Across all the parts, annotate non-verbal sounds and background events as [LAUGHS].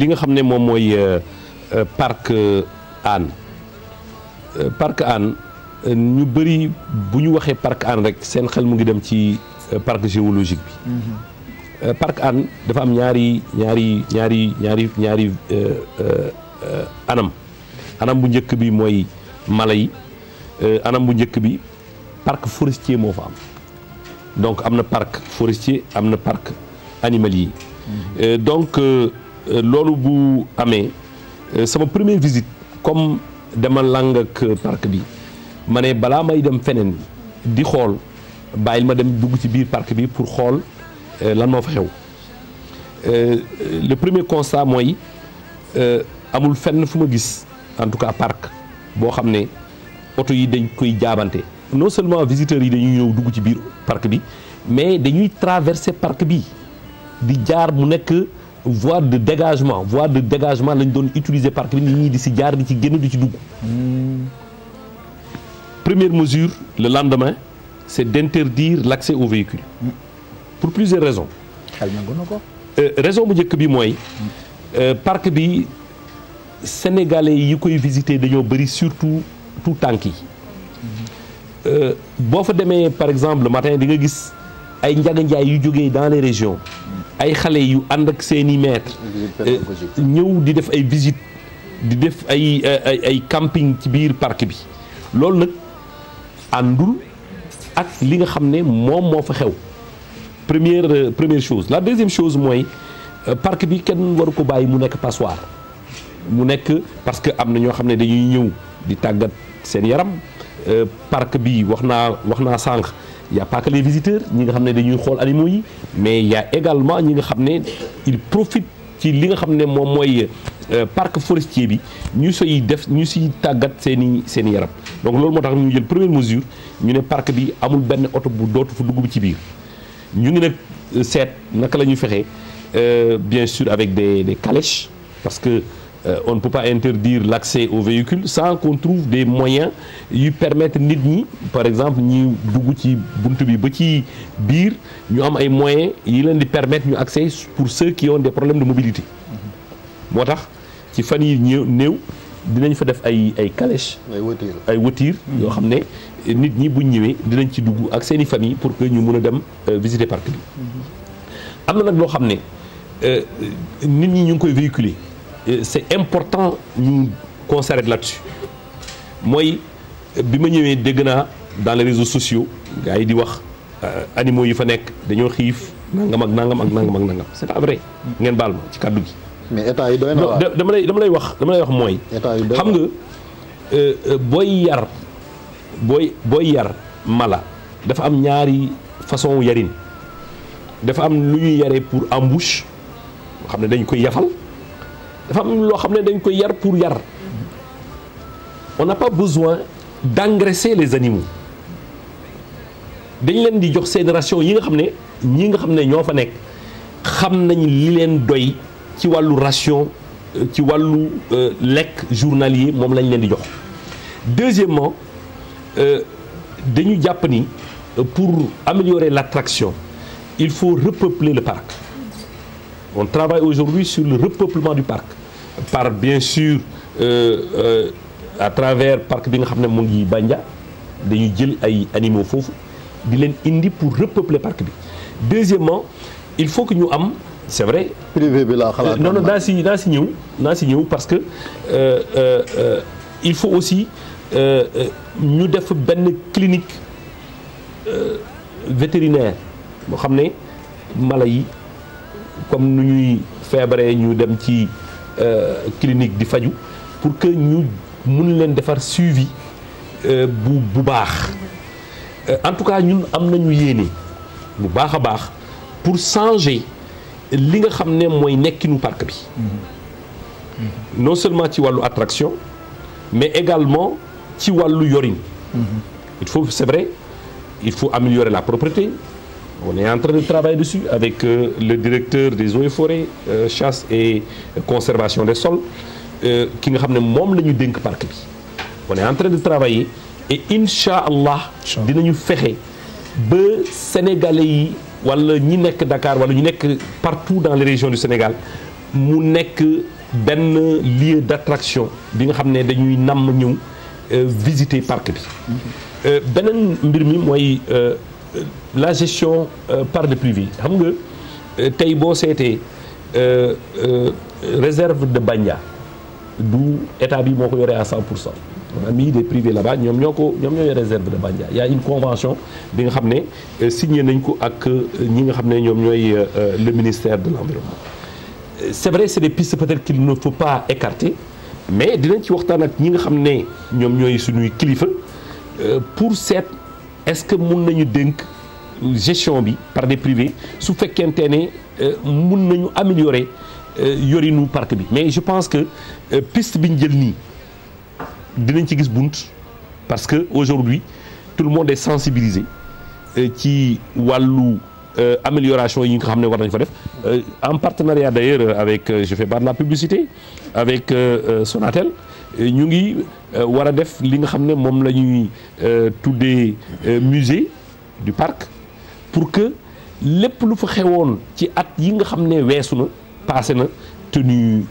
li nga xam ne moom mooy euh, euh, parc Hann euh, parc Hann ñu bëri bu ñu waxee parc Hann rek seen xel mu ngi dem ci parc géologique bi mhm. parc Hann dafa am ñaari ñaari ñaari ñaari ñaari anam anam bu njëkk bi mooy mala yi anam bu njëkk bi parc forestier moo fa am donc am na parc forestier am na parc animalier yi mhm. Euh, loolu bu amee euh, sama première visite comme demal làng ak parc bi ma ne balaa may dem feneen di xool bàyyil ma dem dugg ci biir parc bi pour xool euh, lan moo fa xew le premier constat mooy amul fenn fu ma gis en tout cas parc boo xam ne oto yi dañ koy jaabante non seulement visiteurs yi dañuy ñëw dugg ci biir parc bi mais dañuy traverser parc bi di jaar mu nekk. voir de dégagement voie de dégagement lañ doon utiliser par bi ni ñi di si jaar di ci génn di ci dugg. Hmm. première mesure le lendemain c'est d'interdire l'accès aux véhicules pour plusieurs raisons. xel nangu ko. Euh, raison bu njëkk bi mooy. Hmm. Euh, parc bi sénégalais yi koy visiter dañoo bëri surtout tout tànk yi. Hmm. Euh, boo fa demee par exemple le matin di nga gis ay njaganjaay yu jógee dans les régions. ay xale yu ànd ak seeni maître mmh. euh, ñëw di def ay visite di def ay euh, ay ay camping ci biir parc bi loolu nag àndul ak li nga xam ne moom moo fa xew première euh, première chose la deuxième chose mooy parc bi kenn waru ko bàyyi mu nekk passoire mu nekk parce que am na ñoo xam ne dañuy ñëw di tàggat seen yaram parc bi wax naa wax naa sànq il y a pas visiteurs ñi nga xam ne dañuy xool animaux yi mais il également ñi nga xam ne ils profitent ci li nga xam ne moom mooy euh, parc forestier bi ñu soy def ñu siy tàggat seen i seen yaram donc loolu moo tax ñu jël première mesure ñu ne parc bi amul benn oto bu dootu fu dugg bi ci biir ñu ngi nag euh, seet naka la ñuy fexee euh, bien sûr avec des des calèches parce que Euh, on ne peut pas interdire l'accès aux véhicules sans qu'on trouve des moyens yi permettre nit ñi par exemple ñi dugg ci bunt bi ba ci biir ñu am ay moyens yi leen di permettre ñu accès pour ceux qui ont des problèmes de mobilité moo tax ci fan yi ñëw néew dinañ fa def ay ay calèche ay wëtiir yoo xam ne nit ñi buñ ñëwee dinañ ci dugg ak seen i yi pour que ñu mën a dem euh, visiter parc mhm. am na nag loo xam ne euh, nit ñi ñu ngi koy véhiculer Euh, c'est important ñu conserver là-dessus mooy bi ma ñëwee dégg naa dans les réseaux sociaux gars yi di wax euh, animaux yi fa nekk dañoo xiif nangam ak nangam ak nangam ak nangam c'est pas vrai ngeen baal ci kàddu gi. mais état yi doy na dama lay wax dama wax mooy. état yi doy xam nga euh, booy yar booy booy yar mala dafa am ñaari façon yarin dafa am lu ñuy yare pour embouche xam ne dañ koy yafal. dafa am loo xam ne dañ koy yar pour yar on n'a pas besoin d'engraisser les animaux dañ leen di jox seen ration yi nga xam ne ñi nga xam ne ñoo fa nekk xam nañ li leen doy ci wàllu ration euh, ci wàllu euh, lekk journalier moom lañ leen di jox deuxièmement euh, dañu jàpp ni pour améliorer l'attraction il faut repeupler le parc on travaille aujourd'hui sur le repeuplement du park par bien sûr euh, euh, à travers parc bi nga xam ne mu ngi Bandia dañuy jël ay animaux foofu di leen indi pour repeupler parc bi deuxièmement il faut que ñu am c'est vrai. privé bi laa xalaat euh, non non naa si naa si ñëw naa si ñëw parce que euh, il faut aussi ñu def benn clinique euh, vétérinaire boo xam ne mala yi comme nu ñuy feebaree ñu dem ci. Euh, clinique di faju pour que ñu mun leen defar suivi euh, bu bu baax euh, en tout cas ñun am nañu yéene bu baax a baax pour changer li nga xam ne mooy nekkinu park bi mm-hmm. non seulement ci wàllu attraction mais également ci wàllu yorin mm-hmm. il faut c'est vrai il faut améliorer la propreté On est en train de travailler dessus avec euh, le directeur des eaux et forêts, euh, chasse et conservation des euh, ki nga xam ne moom sols, qui On est en train de travailler et Inch'Allah, dinañu fexe ba sénégalais yi wala ñi nekk Dakar wala ñu nekk partout dans les régions du Sénégal mu nekk benn lieu d'attraction bi nga xam ne dañuy namm ñëw euh, visiter parc bi mm-hmm. beneen mbir mi mooy la gestion euh, par le privé xam nga euh, tey boo seetee euh, réserve de bañ Bandia du état bi moo ko yoree à 100 pour cent on a mis des baa ñoom ñoo ko ñoom ñoo yore réserve de Bandia y a une convention bi nga xam ne signé nañ ko ak ñi nga xam ne ñoom ñooy le ministère de l'environnement c'est vrai c'est des pistes peut-être qu'il ne faut pas écarter mais dinañ ci waxtaan ak ñi nga xam ne ñoom ñooy suñuy kilifa pour seet est-ce que mun nañu dénk gestion bi par des privés su fekkente ne euh, mun nañu améliorer euh, yorinu parc bi mais je pense que euh, piste bi ñu jël nii dinañ ci gis bunt parce que aujourd'hui tout le monde est sensibilisé ci wàllu Euh, amélioration yi nga xam ne war nañ fa def euh, en partenariat d'ailleurs avec euh, je fais pas de la publicité avec Sonatel ñu ngi war a def li nga xam ne moom la ñuy tuddee musée du parc pour que lépp lu fa xewoon ci at yi nga xam ne weesu na passé na tenu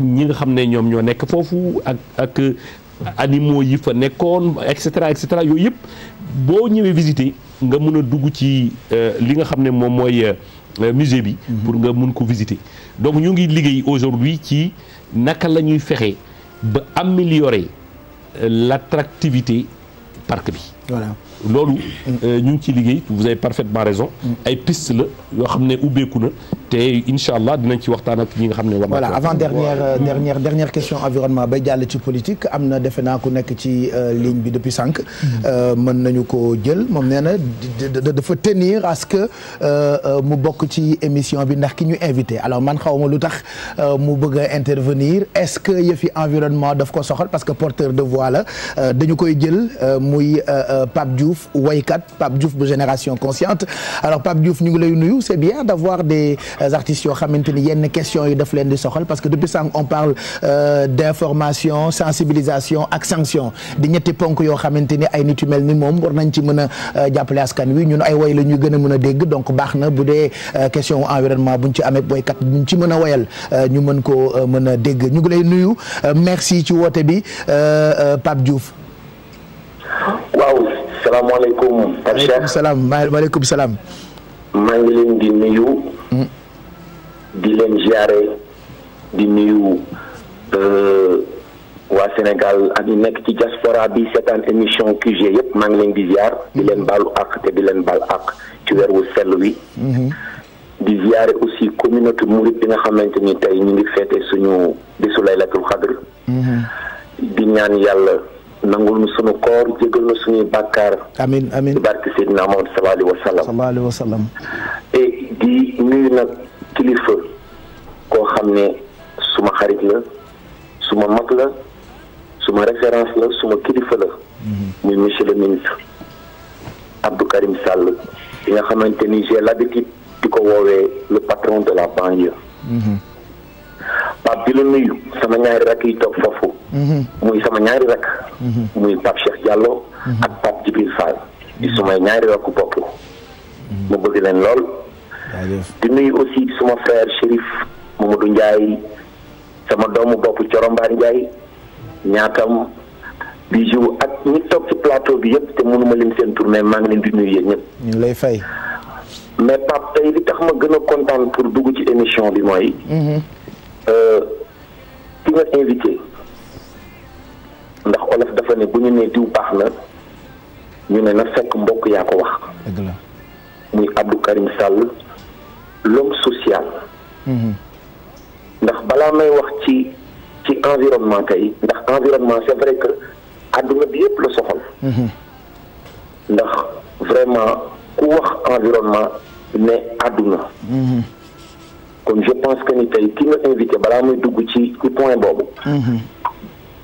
ñi nga xam ne ñoom ñoo nekk foofu ak ak animaux yi fa nekkoon et cetera et yooyu yëpp boo ñëwee visiter nga mun a dugg ci euh, li nga xam ne moom mooy euh, musée bi. Mhm. pour nga mun ko visiter. donc ñu ngi liggéey aujourd'hui ci naka la ñuy fexe ba améliorer euh, l'attractivité parc bi. voilà loolu. Mm. ñu ngi ciy liggéey vous avez parfaitement raison. Mm. ay piste la yoo xam ne ubbeeku na. te incha allah dinañ ci waxtaan ak ñi nga xam ne war voilà avant euh, dernière question environnement bay jàll ci politique am na defe naa ku nekk ci euh, ligne bi depuis cinq mm-hmm. euh, mën nañu ko jël moom nee na dafa tenir à ce que mu bokk ci émission bi ndax ki ñu invité alors man xawma lu tax mu bëgg a intervenir est-ce que yëfi environnement daf ko soxal parce que porteur de voix dañu koy jël muy Pape Diouf waykat Pape Diouf bu génération consciente alors Pape Diouf ñu ngi lay nuyu Euh, artistes yoo xamante ni yenn question yi daf leen di soxal parce que depuis sànq on parle euh, d'information sensibilisation ak sanction di ñetti ponk yoo xamante ni ay nit yu mel ni moom war nañ ci mën a euh, jàppale askan wi ñun ay woy la ñuy gën a mën a dégg donc baax na bu dee question environnement buñ ci amee boykat buñ ci mën a woyal ñu man koo mën a dégg ñu ngi lay nuyu merci ci woote bi Pape juuf waaw salaamaaleykum. waaleykum salaam salaam. maa di leen ziare di nuyu euh, waa Sénégal ak ñu nekk ci diaspora bi seetaan émission QG yëpp maa ngi leen di ziar di leen mm-hmm. baalu ak te di leen baal àq ci weer wu sell wi. Mm-hmm. di ziare aussi communauté mouride bi nga xamante ni tey ñu ngi feete suñu bisu laylatul xadr mm-hmm. di ñaan yàlla nangul nu suñu koor jégal na suñuy bàkkaar amiin amiin di barke Seydina Muhammad sallallahu alayhi wa sallam di nuyu nag kilifa koo xam ne suma xarit la suma mag la suma référence la suma kilifa la mhm. muy monsieur le ministre Abdou Karim Sall nga xamante ni j'ai l'habitude di ko woowee le patron de la banlieue mhm. Pape di la nuyu sama ñaari rakk yi toog foofu mhm. muy sama ñaari rakk muy Pape Cheikh Diallo ak Pape Djibril Fall di sumay ñaari rakk bopp mu bëgg leen lool di nuyu aussi suma frère Chérif Mamadou Ndiaye sama doomu bopp Coromba Ndiaye ñaatam bijou ak ñi toog ci plateau bi yëpp te mënuma lim seen tournée maa ngi leen di nuyu yéen ñu lay fay. mais Pape tey li tax ma gën a kontaan pour dugg ci émission bi mooy. Mhm. Euh, ki nga invité ndax olof dafa ne bu ñu nee diw baax na ñu ne na fekk mbokk yaa ko wax. dëgg la muy Abdou Karim Sall. l'homme social ndax balaa may wax ci ci environnement kay ndax environnement c'est vrai que àdduna bi yëpp la soxal ndax vraiment ku wax environnement ne àdduna kon je pense que ni tey ki nga invité balaa may dugg ci ci point boobu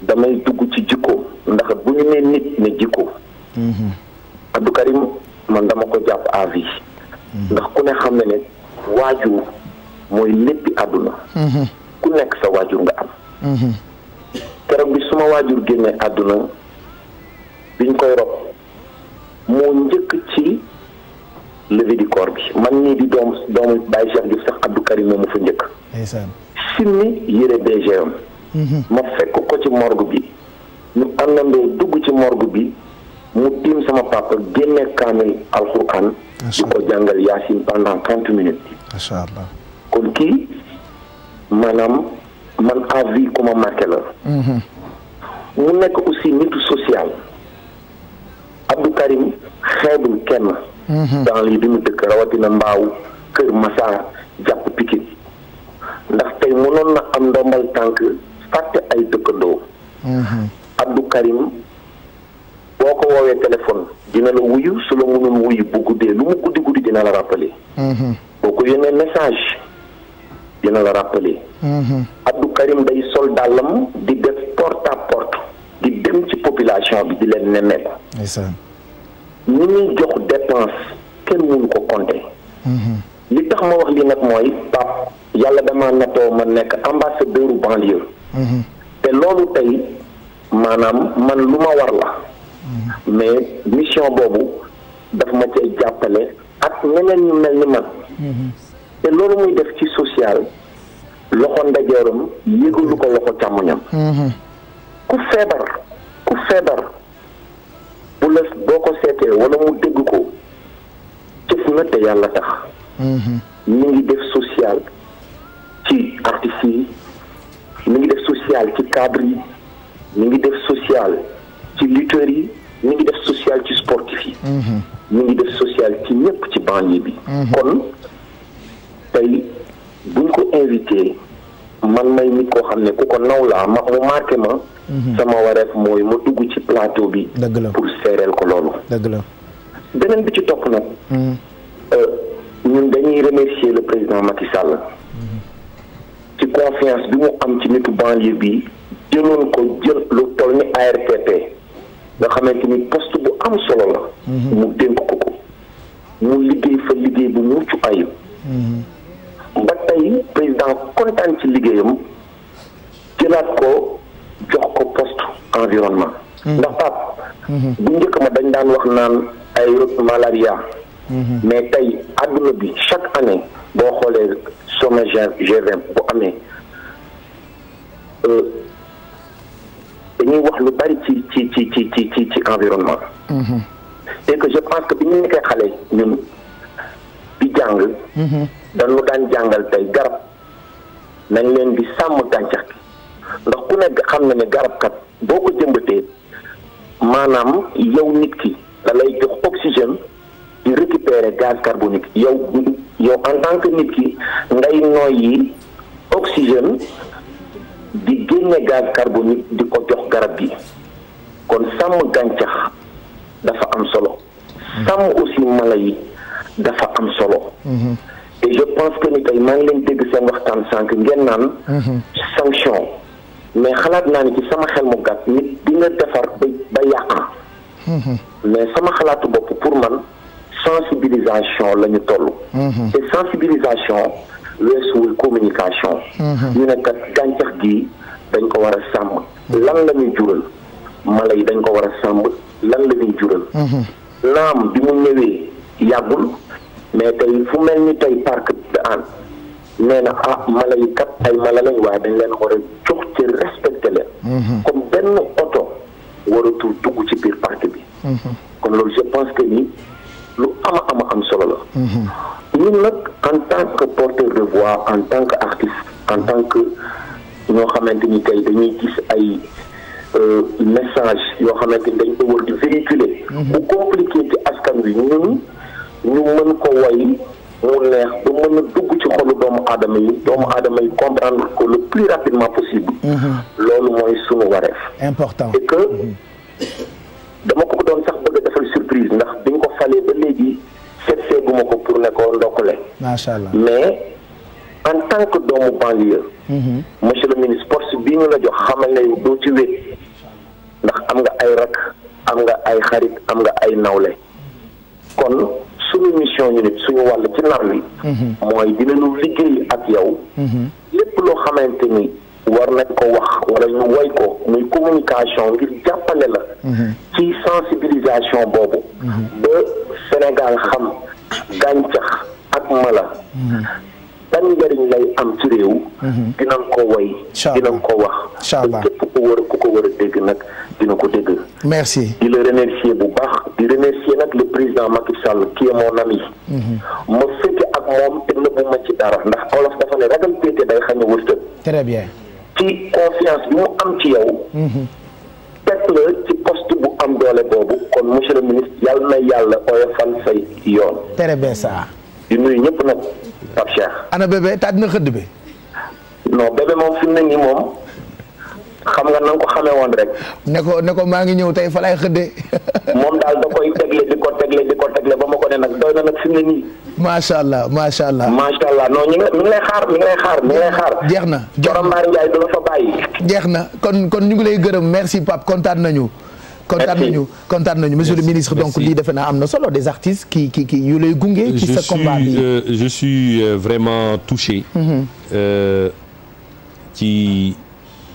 damay dugg ci jikko ndax bu ñu nee nit ne jikko Abdou Karim man dama ko jàpp à ndax ku ne xam ne ne waajur mooy léppi àdduna mhm. ku nekk sa waajur nga am mhm. keroog bi suma waajur génnee àdduna biñ koy rob moo njëkk ci levée du corps bi man nii di doom doomu Baye Cheikh Diouf sax Abdou Karim moo fa njëkk simmi yére DGM mhm. ma fekk ko ci morgue bi ñu àndandoo dugg ci morgue bi mu tiim sama papa génne kaamil alxuraan mu ko jàngal yaasin pendant trente minutes. macha allah kon kii maanaam man à vie ku ma la. Mhm. mu nekk aussi nitu social. Abdou Karim xeebul kenn. Mhm. dans lii bi mu dëkk rawatina mbaaw Kër Massar jàpp Pikine ndax tey mënoon na am ndombal tànk fàtte ay dëkkandoo. Mhm. Abdou boo ko woowee téléphone dina la wuyu su la mënul wuyu bu guddee lu mu guddi guddi dina la rappeler. Mm-hmm. boo ko yónnee message dina la rappeler. Mm-hmm. Abdou Karim day sol dàllam di def porte à porte di dem ci population bi di leen nemmeeku. ni ñuy jox dépense kenn mënu ko compter. Mm-hmm. li tax ma wax lii nag mooy pap yàlla dama nattoo ma nekk ambassadeur banlieue. te loolu tey maanaam man lu ma war la. mais mission boobu daf ma cay jàppale ak ñeneen ñu mel ni man mhm. te loolu muy def ci social loxo ndajooram yëgalu ko loxo càmmoñam mhm. ku feebar ku feebar bu la boo ko seetee wala mu dégg ko cëf na te yàlla tax mu mhm. ngi def social ci artistes mu ngi def social ci cadre yi mi ngi def social ci lutteurs yi ñu ngi def social ci sportif yi. Mhm. ñu ngi def social ci ñëpp ci banlieue bi. Mhm. kon tey buñ ko invité man may nit koo xam ne ku ko naw laa ma mu marqué ma. Mhm. sama wareef mooy ma dugg ci plateau bi. dëgg la pour seereel ko loolu. dëgg la beneen bi ci topp nag. Euh, ñun dañuy remercier le président Macky Sall. ci confiance bi mu am ci nitu banlieue bi jëloon ko jël lu toll ni ARTP. nga xamante ni poste bu am solo la. Mhm. mu dénk ko ko mu liggéey fa liggéey bu mucc ayib. Mhm. ba tey président kontaan ci liggéeyam jëlaat ko jox ko poste environnement. Mhm. ndax Pape. bu njëkk ma dañ daan wax naan ay malaria. mais tey àdduna bi chaque année boo xoolee sommet G g bu amee. Euh, dañuy wax lu bari ci ci ci ci ci ci ci environnement. Mhm. et que je pense que bi ñu nekkee xale ñun di jàng. Mhm. dañu daan jàngal tey garab nañ leen di sàmm gàncax gi ndax ku nekk xam na ne garab kat boo ko jëmbatee maanaam yow nit ki da lay jox oxygène di récupérer gaz carbonique yow yow en tant nit ki ngay noyyi oxygène. génne gaz carbonique di ko jox garab gi kon sàmm gàncax dafa am solo sàmm aussi mala yi dafa am solo mhm. et je pense que ni tey maa ngi leen dégg seen waxtaan sànq ngeen naan mhm. sanction mais xalaat naa ni ci sama xel mu gàtt nit di nga defar ba ba yàq mhm. mais sama xalaatu bopp pour man sensibilisation lañu ñu toll te sensibilisation weesuwul communication ñu ne gàncax gi dañ ko war a sàmm lan la ñuy jural mala yi dañ ko war a sàmm lan la ñuy jural mhm. naam bi mu ñëwee yàggul mais tey fu mel ni tey parc de Hann nee na ah mala yi kat ay mala lañ waaye dañ leen war a jox ci respecté leen comme mhm. benn oto waratul dugg ci biir parc bi mhm. kon loolu je pense que ni lu ama ama am solo la ñun nag en tant que porteur de voix en tant que artiste en tant que ñoo xamante ni tey dañuy gis ay euh, message yoo xamante ni dañ ko war di véhiculer. Mhm. bu compliqué ci askan wi ñun ñu mën ko way mu neex ba mën a dugg ci xolu doomu aadama yi doomu aadama yi comprendre ko le plus rapidement possible. Mhm. loolu mooy sunu wareef. important et que mhm. dama ko doon sax bëgg a defal surprise ndax bi ñu ko falee ba léegi seet seeguma ko pour ne ko ndokkule. macha allah mais. tant que doomu banlieue. Mhm. monsieur le ministre force bi ñu la jox xamal ne doo ci wéet ndax am nga ay rak am nga ay xarit am nga ay nawle kon suñu mission ñu nit suñu wàll ci nar li mhm. mooy dinañu liggéey ak yow. Mhm. lépp loo xamante ni war nañ ko wax wala ñu woy ko muy communication ngir jàppale la. ci sensibilisation boobu. ba Sénégal xam gàncax ak mala. ban njariñ lay am ci réew. Mhm. dinañ ko woy. dinañ ko wax. ba képp ku war ku ko war a dégg nag dina ko dégg. merci di la remercier bu baax di remercier nag le président Macky Sall qui est mon ami. Mhm. ma fekk ak moom te nëbbu ma ci dara ndax olof dafa ne ragal péete day xañ a wërsëg. très bien. ci confiance bi mu am ci yow. Mhm. teg la ci poste bu am doole boobu kon monsieur le ministre yàlla na yàlla oyofal say yoon. très bien ça. di nuyu ñëpp nag. Pape Cheikh. ana bébé taat na xëdd bi. non bébé moom fi mu nii moom xam nga na nga ko xamee woon rek. ne ko ne ko maa ngi ñëw tey fa laay xëddee. [LAUGHS] moom daal da koy tegle di ko tegle di ko tegle ba ma ko ne nag doy na nag fi mu nii. macha allah macha allah. macha allah non mu ngi lay xaar mi ngi lay xaar jeex na Corom Mari Ndiaye du la fa bàyyi. jeex na kon kon ñu ngi lay gërëm merci Pape kontaan nañu. kontaan nañu kontaan nañu monsieur le ministre donc lii defe naa am na solo des artistes qui qui qui yu lay gunge. ci sa combat bi euh, je suis euh, vraiment touché. Mhm. Euh, ci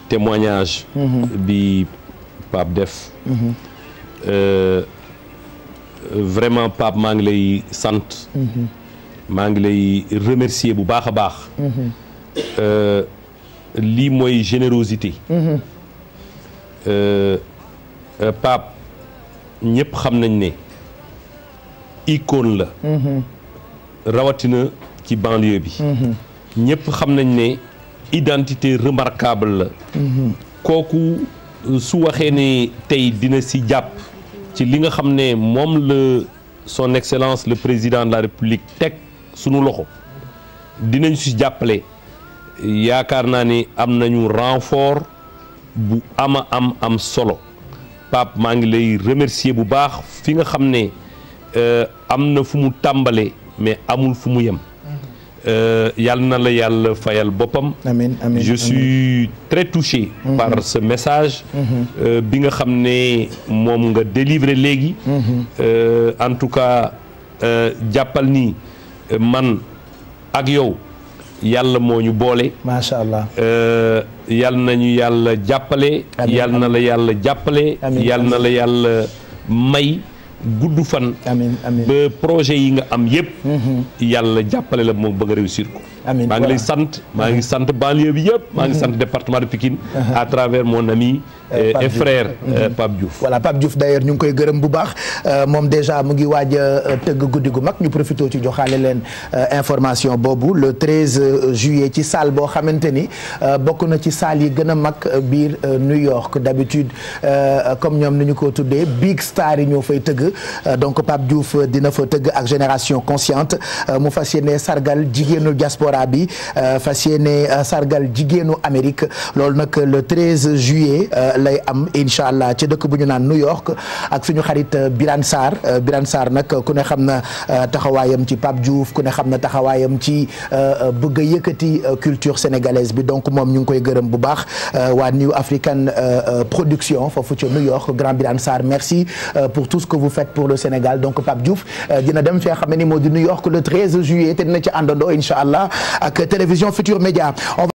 témoignage. Mhm. bi Pape def. Mhm. vraiment Pape maa ngi lay sant. maa ngi lay remercier bu baax a baax. lii mooy générosité. Euh, Pape ñëpp xam nañ ne icône la. Mm-hmm. rawatina ci banlieue bi. Mm-hmm. ñëpp xam nañ ne identité remarquable la. Mm-hmm. kooku euh, su waxee ne tey dina si jàpp ci li nga xam ne moom la son excellence le président de la république teg sunu loxo dinañ si jàppale yaakaar naa ne am nañu renfort bu ama am am solo. Pape maa ngi lay remercier bu baax fi nga xam ne euh, am na fu mu tàmbale mais amul fu mu yem euh, yàlla na la yàlla fayal boppam amiin je suis très touché mhm. par ce message mhm. euh, bi nga xam ne moom nga délivré léegi mhm. en tout cas jàppal nii man ak yow yàlla moo ñu boole. macha allah euh, yal nañu yàlla jàppale. yal na la yàlla jàppale. yal na la yàlla may. gudd fan. ba projet yi nga am yëpp. Mm-hmm. yàlla jàppale la moo bëgg a réussir ko. amiin maa sant maa ngi sant banlieue bi yëpp. maa ngi sant mhm. département de Pikine. Mhm. à travers mon ami. Euh, euh, et frère euh, mhm. Pape Diouf. voilà ñu ngi koy gërëm bu baax moom déjà mu ngi waaj tëgg guddi gu mag ñu profité ci joxaale leen information boobu le 13 juillet ci salle boo xamante ni bokk na ci salle yi gën a mag biir New York d' comme ñoom nañu ko tuddee big star yi ñoo fay tëgg donc Pape Diouf dina fa tëgg ak génération consciente mu fas yéene sargal jigéenu diaspora diaspora bi euh, fas yéene euh, sargal jigéenu Amérique loolu nag le 13 juillet euh, lay am incha allah ci dëkk bu ñu naan New York ak suñu xarit Birane Sarr Birane Sarr nag ku ne xam na taxawaayam ci Pape Diouf ku ne xam na taxawaayam ci bëgg a yëkkati culture sénégalaise bi donc moom ñu ngi koy gërëm bu baax waa New African Production foofu ci New York grand Birane Sarr merci pour tout ce que vous faites pour le Sénégal donc Pape Diouf dina dem fee xam ne ni moo di New York le juillet te dina ci ak télévision Futur Média